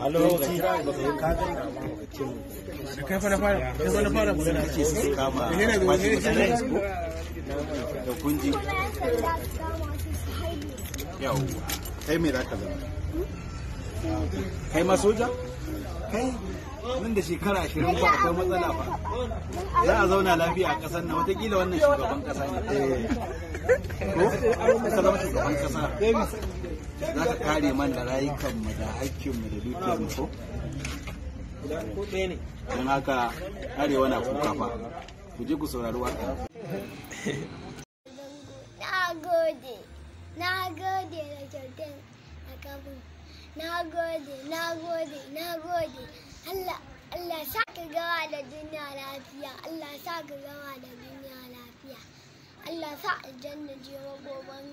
alhaji kai zama kai kai nan da shekara ashirin ba akwai matsala ba za a zauna lafiya a ƙasar na watakila wannan shugaban ƙasa ne eh. ko ka zama shugaban ƙasa za ka kare man da rayukanmu da mu da dukiyarmu ko? don haka arewa na kuka fa ku je ku saurari wata na gode na gode da kyautar a kafin na gode na gode na gode allah allah sa ka gawa da duniya lafiya allah sa ka gawa da duniya lafiya allah sa aljanna je goben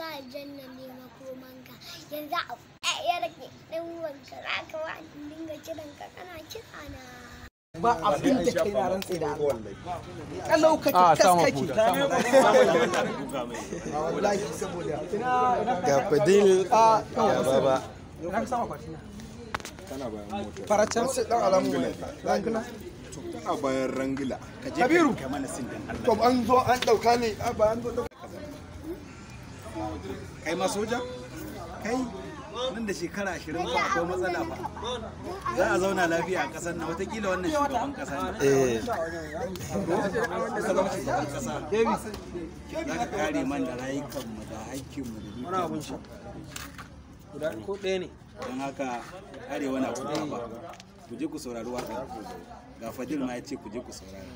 sa aljanna ne makomanka yanzu a ya rage dan ka za ka wa dinga kiran ka kana kira na ba abin da kai na rantsi da Allah ka ah, ah, wallahi saboda ga fadil a sama kwatina kana bayan mota faracan sai dan to kana bayan kabiru to an zo an dauka ne a ah, bayan zo kai ma soja kai nan da shekara ashirin ba akwai matsala ba za a zauna lafiya a ƙasar na watakila wannan shugaban ƙasa ne shugaban ƙasa za ka kare man da rayukanmu da haƙƙinmu da dukkan ko ɗaya ne don haka arewa na kuɗa ba ku je ku saurari waƙa ga fadil ma ya ce ku je ku saurari